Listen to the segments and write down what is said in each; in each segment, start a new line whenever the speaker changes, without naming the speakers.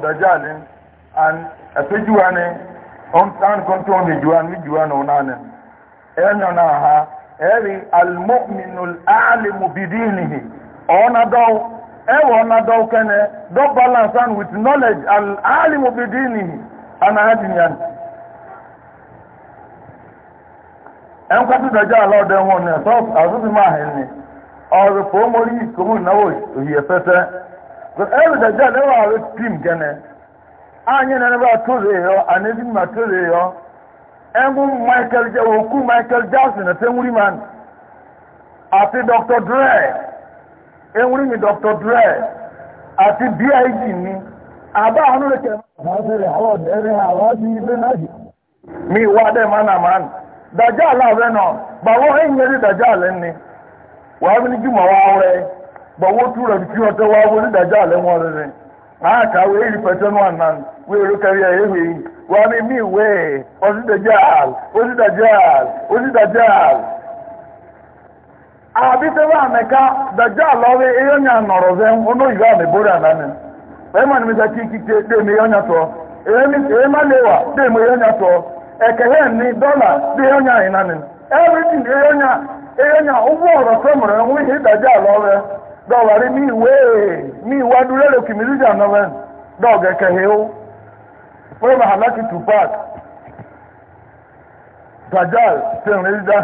dajali an apejuwa ne on tan konton de juwan mi juwan onane enyo na ha eri almu'minul alimu bidinihi ona do ewo ona do kene do balance an with knowledge al alimu bidinihi ana hadin yan en kwatu dajali ode won ne so azubi ma hin ni ọ̀rọ̀ fòómọ́rí ìkòmù Hi òhìyẹ̀fẹ́fẹ́ ẹrù dàjà lẹ́wọ̀ àrò pìm gẹ́nẹ́ ààyè nínú bá tó lè yọ ànẹ́bí mà tó lè yọ ẹ̀ngún michael jẹ́ òkú michael jackson ẹ̀fẹ́ ń ma nù àti dr dre ń rí mi dr dre àti big ni àbá àánú lè kẹ́ mi wá dẹ́ mánà mánà dàjà àlàáfẹ́ náà bàwọ́ ẹ̀yìn yẹn rí dàjà àlẹ́ ni wàá bí ní jùmọ̀ wá wẹ́ẹ́. gbawó túrọ̀ kí wọ́n tẹ́wọ́ awó nídàjá àlẹ́ wọn rẹ̀ rẹ̀ àákàwé èyí pẹ̀tẹ́ náà nà wí èrò kẹrí ẹ̀ èwì wà ní ehi wee ọ̀sídàjá ọ̀sídàjá ọ̀sídàjá. àbísẹ́wọ́ àmẹ́ká dàjá lọ́wọ́ eyọ́nyà nọ̀rọ̀ zẹ́ ọ̀nà ìgbà àmì wẹ́n mọ̀ ní mi kíkẹ́ tọ́ èyí má dọwari mi wee mi wa durere kimiri ja nọwe dọga kehe o pé mahamaki tupac tajal tinrida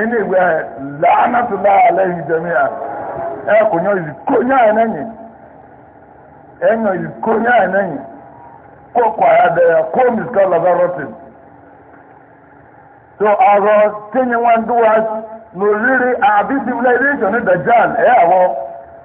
ẹni ìwé ẹ lánàtúlá alẹ́yìn jẹ́míà a, kò yan ìkóyà ẹ lẹ́yìn ẹ yan ìkóyà ẹ lẹ́yìn kó kwaya dẹ̀yà kó mr so ọ̀rọ̀ tíyẹn wọn dúwà lórí àbí dajal ẹ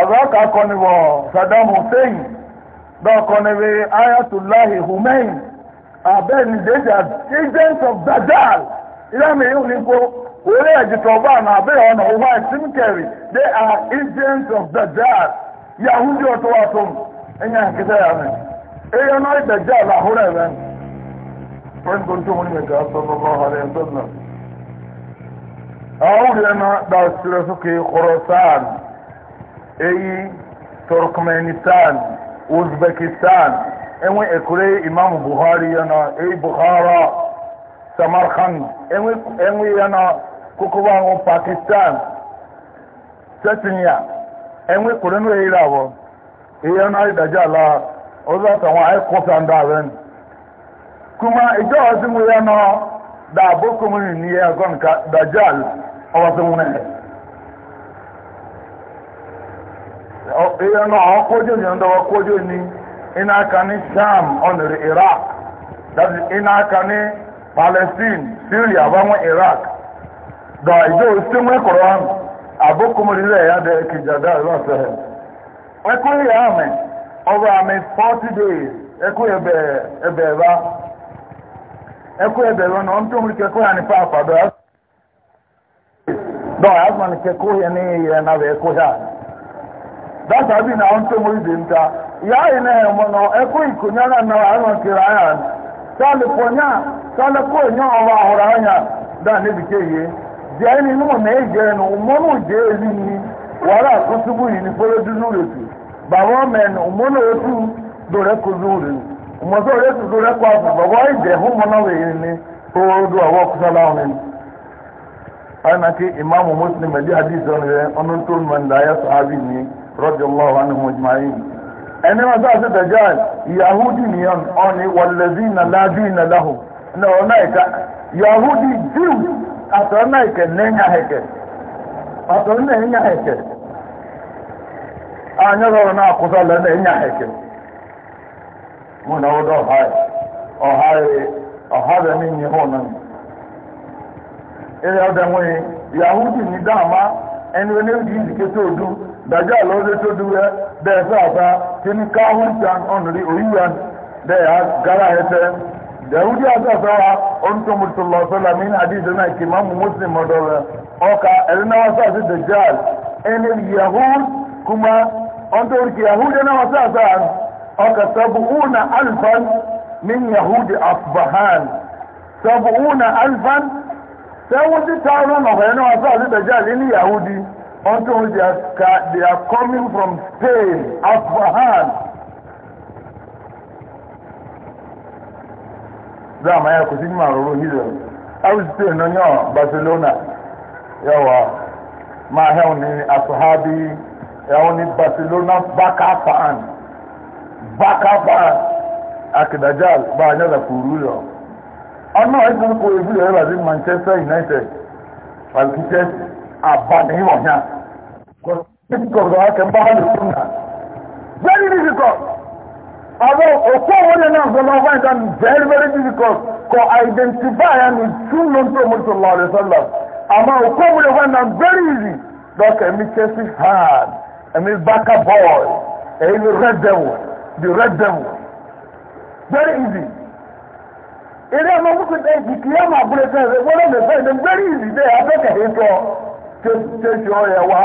ọ̀rọ̀ kakọ ni wọ̀ Saddam Hussein dọ́kọ ni wí Ayatollah Khomeini abẹ́ni deja agents of Dajjal ìlànà yìí ní kó orí ẹ̀jìtọ̀ bá àná abẹ́rẹ́ ọ̀nà owó àìsínkẹ̀rì they are agents of Dajjal Yahudi ọ̀tọ̀ wà tó ẹ̀yà kẹta yà mẹ́ ẹ̀yà náà Dajjal àhúrẹ̀ rẹ̀ wọ́n tó ń tó wọn ní ẹ̀jẹ̀ asọ́nà lọ́wọ́ àrẹ̀ ẹ̀dọ́nà àwọn ìlànà dàsírẹ̀ sókè kọ̀rọ̀ sáà eyi turkmenistan uzbekistan enwe ekure imam buhari yana eyi buhara samarkand enwe enwe yana kukubango pakistan chechnya enwe kure no eyi rabo yana idaja la ozo tawon ai kofa ndawen kuma ijo azimu yana da abokumuni ni ya gonka dajal awasun wuna ihe na ọkụjụ ndị ọkụjụ ni ịnaka ni sham ọ iraq that is ịnaka ni palestine syria banwe iraq dọ ije osi nwe kọrọ ọnụ abụkụmụrịrị ya dị kijada ya amị ọrụ amị 40 days ekwughị ebe ebe ebe ebe ebe na dọ ya dọ ya ya n'ihi ya na bụ data bi na ɔnto mu di nta ya ayi na ɛmu na ọkụ ikonya na na ɛmu nkiri ayan sɔli konya sɔli konya ɔba ahoro ayan da ne bi keye deɛ ni numu na egye no mmɔnu gye ezi ni wɔre akosubu yi ni retu etu e e ni owó do ni muslim رضي الله عنهم اجمعين ẹni wọn sáà sí dajjal yahudi nìyẹn na wàlẹ́zí na lájú iná láhùn ní ọ̀nà yahudi jew àtọ̀nà ìkẹ nẹ́yìn ahẹ́kẹ́ àtọ̀nà ẹ̀yìn ahẹ́kẹ́ ànyẹ́rọ̀rọ̀ náà kó sọ lẹ́nu ẹ̀yìn ahẹ́kẹ́ mo náà wọ́n dọ̀ ọ̀há ẹ̀ ọ̀há ẹ̀ yahudi ẹni oníbi ìdíkẹ́ tó dùn dàjá lọ́dẹ́ tó dùn rẹ bẹ́ẹ̀ fẹ́ àbá tí ní káwọn tàn ọ̀nàrí òyìnbá bẹ́ẹ̀ gara ẹ̀tẹ́ dẹ̀wúdí àgbàfẹ́ wa oníṣòmùtò lọ́sọ́lá mi ní àdíjọ náà kì máa mú muslim ọ̀dọ́ rẹ ọkà ẹ̀rí náà wọ́n sáà sí dàjá ẹni yahud kuma ọ̀ntọ́ oríkì yahud náà wọ́n sáà sáà ọkà sabu'una alfan min yahudi asbahan sabu'una alfan seventy thousand of ẹni wọn sáà síbẹ̀jẹ́ àlẹ́ ní yahudi until they are, they are coming from Spain Asfahan. dáàmà ẹ̀ kò sí ní màrúurú hílẹ̀ àwọn Spain náà yàn Barcelona yàwá máa hẹ́wọ̀n ní Asfahabi ẹ̀wọ̀n ní Barcelona baka fan baka fan akidajal bá a nyẹ́ lẹ́kùrú ọ̀nà ẹ̀gbọ́n kò ebi rẹ̀ rà sí manchester united pàlùkìtẹ́ àbàdàn ìwọ̀nyá kò sí kọ̀ọ̀dọ̀ akẹ́mbá lòkùn náà very difficult àwọn òkú àwọn ọ̀nà náà gbọ́dọ̀ wọ́n find that very very difficult kò identify and true known to motor law rẹ̀ sọ́lá àmọ́ òkú àwọn ọ̀nà find that very easy dọ́kà ẹ̀mí chelsea hard ẹ̀mí baka boy ẹ̀mí red devil the red devil very easy. ilé ọmọ mùsùlùmí èjì kì í ọmọ àbúrò fẹ́ wọ́n lọ́nà fẹ́ ní gbẹ́rì ìrìndé abẹ́kẹ̀ẹ́ tọ́ tẹ́sí ọ̀rẹ́ wa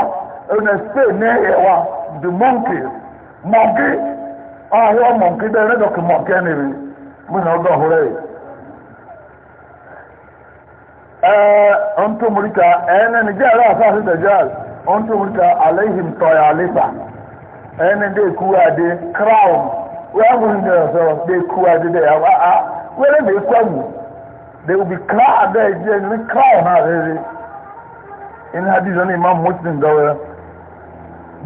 ẹ̀nà spain ní ẹ̀yẹ wa the monkey monkey ọ̀hún ah, monkey bẹ́ẹ̀ monkey ẹni rí mú ní àfáàfin tọ́yà crown wẹ́ẹ̀mù ní wá á wẹ́rẹ́ lè kọ́ mu they will be cry abẹ́ ẹ̀jẹ̀ ẹni ní cry ọ̀nà àrẹ́rẹ́ ẹni hadith ọ̀nà imam muslim dọ́wẹ́rẹ́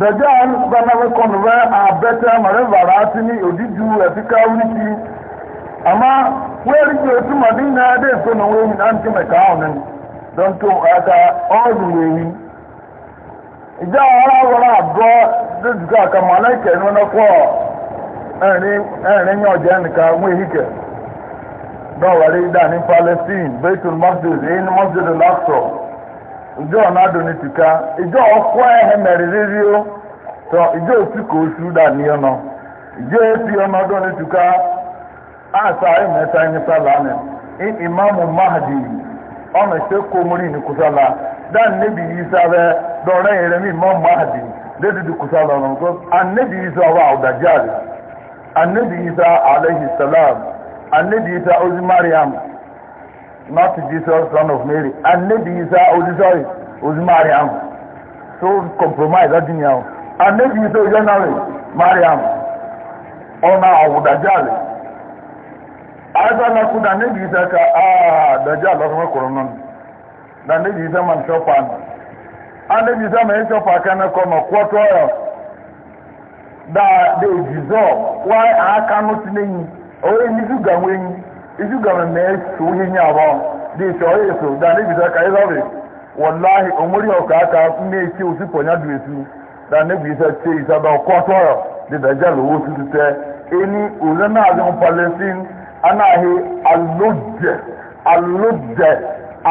bẹ̀jẹ̀ àwọn gbanáwé kọ́nù rẹ̀ àbẹ́tẹ́ àmàrẹ́ bàrà ti ní òdíjú ẹ̀fíkà wíìkì àmà wẹ́rẹ́ jẹ́ otu màdí ní adé èso nà wẹ́yìn náà ti mẹ̀ka ọ̀nà ni dọ́ntò ẹ̀ka ọ̀dù wẹ̀yìn ìjà ọ̀rọ̀ àwọ̀rọ̀ àbọ̀ dídùkọ̀ àkàmọ̀ aláìkẹ́ ẹ̀ni wọn kọ́ ẹ̀rin ẹ̀rin yẹn ọ̀jẹ̀ nìkan wọ́n èyíkẹ́ náà wà rí dà ní palestine baitul masjid èyí ní masjid al-aqsa ìjọ ọ̀nà àdóni tìka ìjọ ọkọ ẹ̀hẹ́ mẹ́rin rírí ó tọ ìjọ òsì kò oṣù dà ní ọ̀nà ìjọ èsì ọ̀nà àdóni tìka àṣà ẹ̀mẹ́ta ní sálàmì ní ìmáàmù mahdi ọ̀nà ìṣẹ́kọ̀ mọ́rí ní kùsàlà dáà níbi yìí sábẹ́ dọ̀rẹ́ ìrẹ́mí ìmáàmù mahdi anne isa ozi mariam not jesus son of mary anne isa ozi sorry ozi mariam so compromise adịghị ahụ anne isa ozi anarị mariam ọ na-awụdajali aza na kuda anne isa ka aa dajali ọsọ kwụrụ nọ na anne isa ma nchọpa anne isa ma ịchọpa aka na kọ ma kwọtọ ya da dey dissolve why aka nọ si n'enyi onye izuga nwenyi izuga mmemme esu ihe nye abụọ dị iche ọrụ eso da nebisa ka ịzọrị wallahi omori ọka aka mmeci osuponya du esu da nebisa che isaba ọkọtọrọ dị daja lowo tutute eni ule na-adị palestin anaghị alụje alụje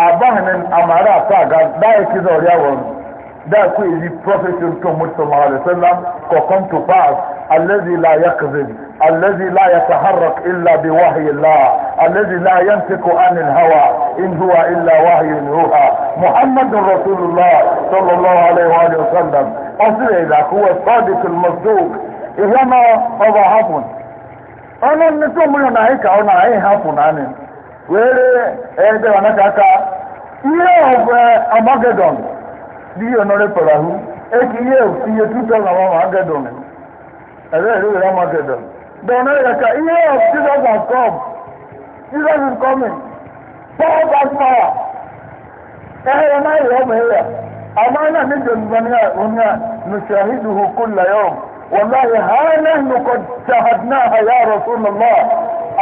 abaghị amara atọ aga daghị kịta ọrịa wọrọ that way the prophet to Muhammad sallam come to pass الذي لا يتحرك الا بوحي الله الذي لا ينطق عن الهوى ان هو الا وحي يوحى محمد رسول الله صلى الله عليه واله وسلم اصل لك هو الصادق المصدوق إنما فضحهم أنا نتوم من هيك أنا هي هفون أنا ويري إيه ده أنا كاكا إيه هو أمagedon دي أنا لبراهو إيه إيه في يتوتر أمagedon هذا هو أمagedon the America, year of Jesus has come. Jesus is coming. Power and power. أهلا ما يوم هي أمانة من الدنيا هنا نشاهده كل يوم والله ها نحن قد شاهدناها يا رسول الله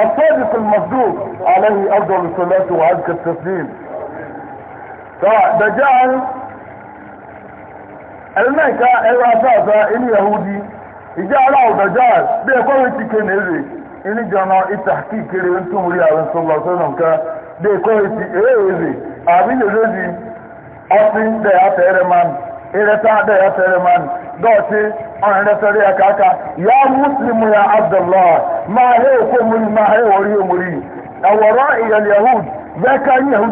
الصادق المصدوق عليه أفضل الصلاة وأزكى التسليم فده جعل الملكة الأساسة اليهودي ija ala ọdọjọ bí ẹkọ wí ti ké n'èrè ìníjọna ìta kí ìkéré ń tún orí àwọn sọlọ sọlọ nǹkan bí ẹkọ wí ti èèrè àbí yèlódì ọtí dẹ àtẹrẹ man ìrẹta dẹ àtẹrẹ man dọọtí ọrìn rẹsẹrẹ yà káàkà ya muslimu ya abdullah máa hẹ òkú omori máa hẹ òrí omori àwòrán ìyẹn yahud bẹẹ ká ní yahud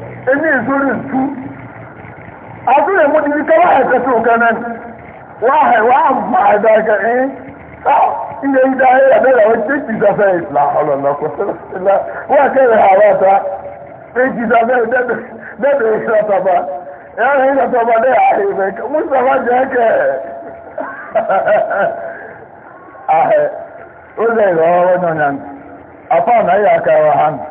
ẹni ìzórí ìtú àtúnyẹ̀ mú ti ká wáyé kẹsùn kẹnẹ wáhẹ̀ wáá mà ẹ̀dá ẹ̀kẹ́ ẹ̀ ilé ìdá ayé àbẹ́rẹ́ àwọn tí kì í sọfẹ́ ìlà ọ̀nà lọ́kọ̀ sílá wọ́n kẹ́rẹ̀ àwọn ọ̀tá tí kì í sọfẹ́ bẹ́ẹ̀ ìṣẹ́ ọ̀tọ̀ba ẹ̀rọ ìṣẹ́ ọ̀tọ̀ba dẹ́ ààrẹ ìfẹ́ mùsùlùmá jẹ́ kẹ́ ààrẹ ó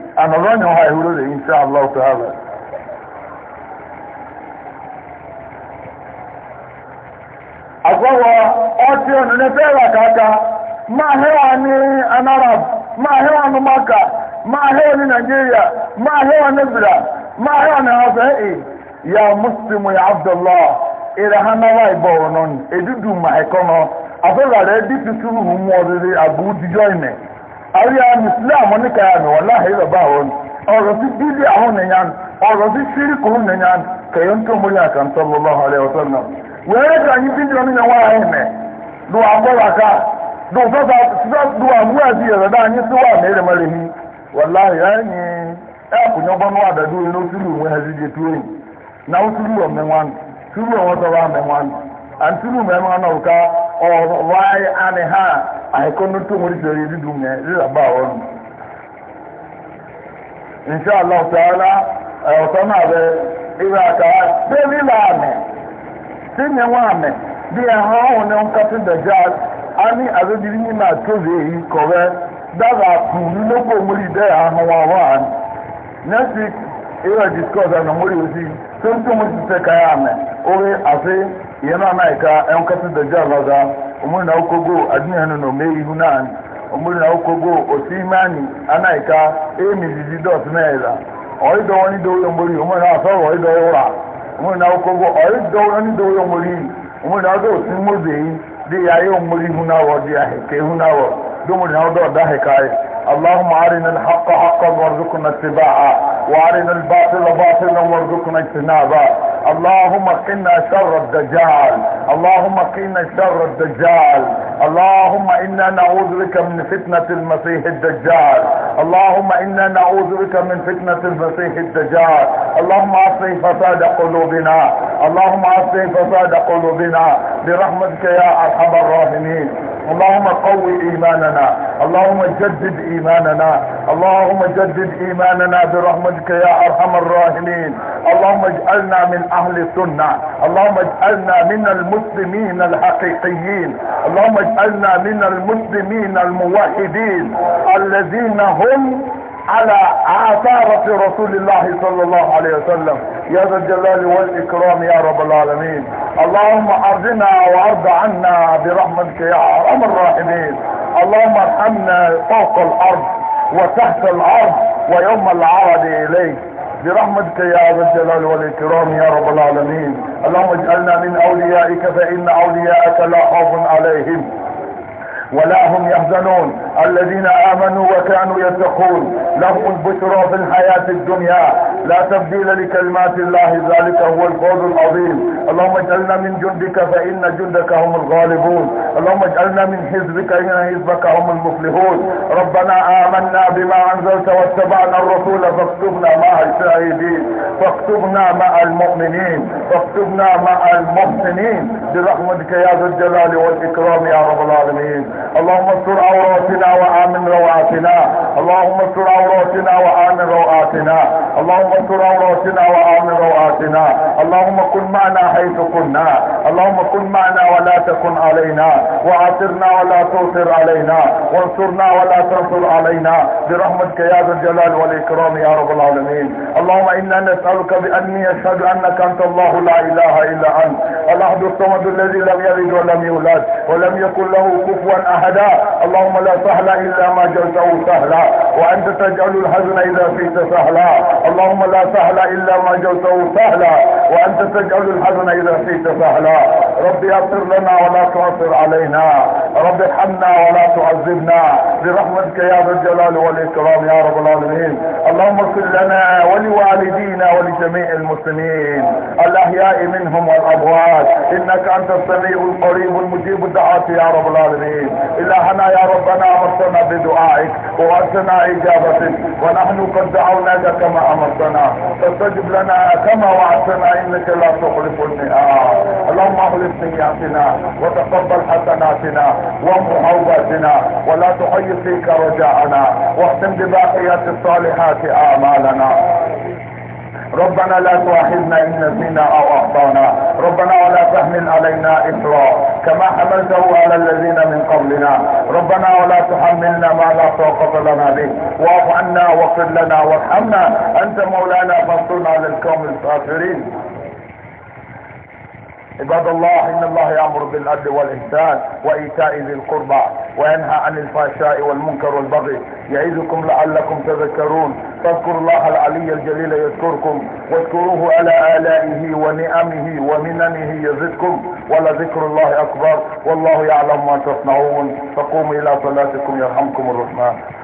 àmọ̀lọ́yìn ọha ìhúrò rẹ̀ insha Allah ta'ala àgbọ́wọ́ ọtí ònìní fẹ́rẹ̀ kàkà máa hẹ́wà ní anarab máa hẹ́wà ní maka máa hẹ́wà ní nàìjíríà máa hẹ́wà ní bìrà máa hẹ́wà ní ọ̀fẹ́ ya muslimu ya abdullah àríyá mùsùlùmí níka a nìwọ̀n láàyè rẹ̀ bá wọn ọ̀rọ̀ sí bíbí àwọn nìyàn ọ̀rọ̀ sí ṣíríkù nìyàn kẹ̀yẹ́ tó múlí àkàntọ́ lọ́lọ́ ọ̀rẹ́ ọ̀sán náà wẹ́rẹ́ kà yín bíbí ọ̀nà yẹn wáyé mẹ́ ló àgbọ̀rọ̀ ká ló sọ́sà ló àgbọ̀rọ̀ sí yẹ̀rẹ̀ dáa yín sí antunu mɛ ma na ka ɔwai ani ha ayikɔ no to mori tori di dum yɛ di laba awɔ no inshala taala ɔtɔn na bɛ ibi aka bebi la amɛ ti nye wa amɛ bi ɛhɔ ɔhun ne nkati dɛgya ani abebiri yi na tozi eyi kɔbɛ daba kun ne ko mori dɛ ahowa wa ani next week ewa discuss ɛna mori osi tontomori ti sɛ kaya amɛ owe afe yana na ika yan kasar da jihar laza umar na okogo a duniya na nome ihu na ani umar na okogo osi imani ana ika emi zizi dot na ila oyi da wani da wuyan buri umar na asoro oyi da wura umar na okogo oyi da wani da wuyan buri umar na ozo osi moze di ya yi umar ihu na wa di ya heke ihu na wa domin na odo da heka yi اللهم أرنا الحق حقا وارزقنا اتباعه وأرنا الباطل باطلا وارزقنا اجتنابه اللهم قنا شر الدجال اللهم قنا شر الدجال اللهم انا نعوذ بك من فتنة المسيح الدجال اللهم انا نعوذ بك من فتنة المسيح الدجال اللهم اصلح فساد قلوبنا اللهم اصلح فساد قلوبنا برحمتك يا ارحم الراحمين اللهم قو ايماننا اللهم جدد ايماننا اللهم جدد ايماننا برحمتك يا ارحم الراحمين اللهم اجعلنا من اهل السنة اللهم اجعلنا من المسلمين الحقيقيين اللهم اجعلنا من المسلمين الموحدين الذين هم على عثارة رسول الله صلى الله عليه وسلم يا ذا الجلال والإكرام يا رب العالمين اللهم أرضنا وأرض عنا برحمتك يا أرحم الراحمين اللهم ارحمنا فوق الأرض وتحت الأرض ويوم العرض إليك برحمتك يا ذا الجلال والإكرام يا رب العالمين اللهم اجعلنا من أوليائك فإن أوليائك لا خوف عليهم ولا هم يحزنون الذين امنوا وكانوا يتقون لهم البشرى في الحياة الدنيا لا تبديل لكلمات الله ذلك هو الفوز العظيم اللهم اجعلنا من جندك فإن جندك هم الغالبون اللهم اجعلنا من حزبك إن حزبك هم المفلحون ربنا آمنا بما أنزلت واتبعنا الرسول فاكتبنا مع الشاهدين فاكتبنا مع المؤمنين فاكتبنا مع المحسنين برحمتك يا ذا الجلال والإكرام يا رب العالمين اللهم استر عوراتنا وآمن روعاتنا اللهم استر عوراتنا وآمن روعاتنا اللهم انصر عوراتنا وامر رواتنا اللهم كن معنا حيث كنا اللهم كن معنا ولا تكن علينا وعاصرنا ولا تؤثر علينا وانصرنا ولا تنصر علينا برحمتك يا ذا الجلال والاكرام يا رب العالمين اللهم انا نسالك باني اشهد انك انت الله لا اله الا انت الاحد الصمد الذي لم يلد ولم يولد ولم يكن له كفوا احدا اللهم لا سهل الا ما جلته سهلا وانت تجعل الحزن اذا فيت سهلا اللهم لا سهل إلا ما جلته سهلا وأنت تجعل الحزن إذا شئت سهلا ربي اغفر لنا ولا تعصر علينا رب ارحمنا ولا تعذبنا برحمتك يا ذا الجلال والإكرام يا رب العالمين اللهم اغفر لنا ولوالدينا ولجميع المسلمين الأحياء منهم والأموات إنك أنت السميع القريب المجيب الدعاة يا رب العالمين إلهنا يا ربنا أمرتنا بدعائك وأتنا إجابتك ونحن قد دعوناك كما اللهم ربنا فاستجب لنا كما وعدتنا انك لا تخلف المئات اللهم اخلف نياتنا وتقبل حسناتنا ومحوباتنا ولا تحيي فيك رجاءنا واختم بباقيات الصالحات اعمالنا ربنا لا تؤاخذنا إن نسينا أو أخطأنا ربنا ولا تحمل علينا إسرا كما حملته على الذين من قبلنا ربنا ولا تحملنا ما لا طاقة لنا به واعف عنا واغفر لنا وارحمنا أنت مولانا فانصرنا للقوم الكافرين عباد الله ان الله يامر بالعدل والاحسان وايتاء ذي القربى وينهى عن الفحشاء والمنكر والبغي يعظكم لعلكم تذكرون فاذكروا الله العلي الجليل يذكركم واذكروه على الائه ونعمه ومننه يزدكم ولذكر الله اكبر والله يعلم ما تصنعون فقوموا الى صلاتكم يرحمكم الرحمن